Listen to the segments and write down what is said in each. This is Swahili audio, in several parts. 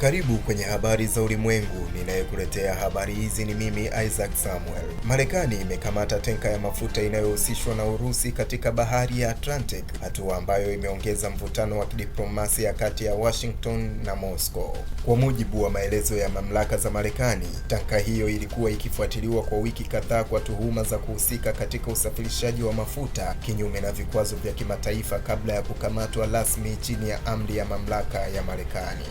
Karibu kwenye habari za ulimwengu. Ninayekuletea habari hizi ni mimi Isaac Samuel. Marekani imekamata tenka ya mafuta inayohusishwa na Urusi katika bahari ya Atlantic, hatua ambayo imeongeza mvutano wa kidiplomasia kati ya Washington na Moscow. Kwa mujibu wa maelezo ya mamlaka za Marekani, tanka hiyo ilikuwa ikifuatiliwa kwa wiki kadhaa kwa tuhuma za kuhusika katika usafirishaji wa mafuta kinyume na vikwazo vya kimataifa kabla ya kukamatwa rasmi chini ya amri ya mamlaka ya Marekani.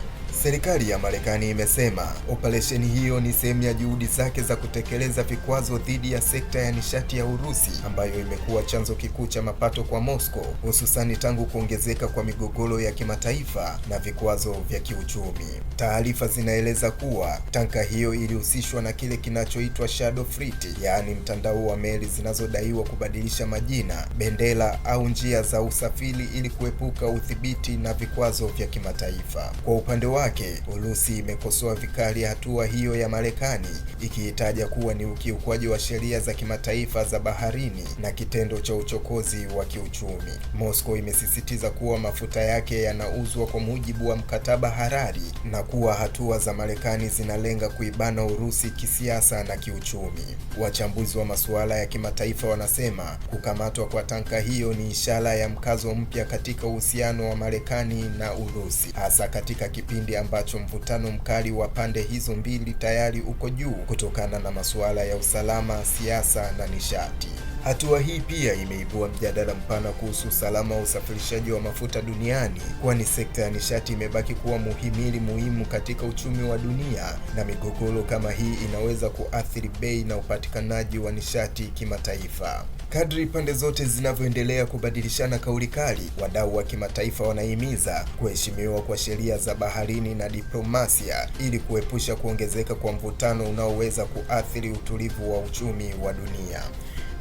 Serikali ya Marekani imesema operesheni hiyo ni sehemu ya juhudi zake za kutekeleza vikwazo dhidi ya sekta ya nishati ya Urusi ambayo imekuwa chanzo kikuu cha mapato kwa Moscow, hususani tangu kuongezeka kwa migogoro ya kimataifa na vikwazo vya kiuchumi. Taarifa zinaeleza kuwa tanka hiyo ilihusishwa na kile kinachoitwa shadow fleet, yaani mtandao wa meli zinazodaiwa kubadilisha majina, bendera au njia za usafiri ili kuepuka udhibiti na vikwazo vya kimataifa. Kwa upande wa wake, Urusi imekosoa vikali hatua hiyo ya Marekani ikiitaja kuwa ni ukiukwaji wa sheria za kimataifa za baharini na kitendo cha uchokozi wa kiuchumi. Moscow imesisitiza kuwa mafuta yake yanauzwa kwa mujibu wa mkataba Harari na kuwa hatua za Marekani zinalenga kuibana Urusi kisiasa na kiuchumi. Wachambuzi wa masuala ya kimataifa wanasema kukamatwa kwa tanka hiyo ni ishara ya mkazo mpya katika uhusiano wa Marekani na Urusi, hasa katika kipindi ambacho mvutano mkali wa pande hizo mbili tayari uko juu kutokana na masuala ya usalama, siasa na nishati. Hatua hii pia imeibua mjadala mpana kuhusu usalama wa usafirishaji wa mafuta duniani, kwani sekta ya nishati imebaki kuwa muhimili muhimu katika uchumi wa dunia, na migogoro kama hii inaweza kuathiri bei na upatikanaji wa nishati kimataifa. Kadri pande zote zinavyoendelea kubadilishana kauli kali, wadau wa kimataifa wanahimiza kuheshimiwa kwa sheria za baharini na diplomasia ili kuepusha kuongezeka kwa mvutano unaoweza kuathiri utulivu wa uchumi wa dunia.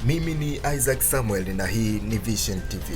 Mimi ni Isaac Samuel na hii ni Vision TV.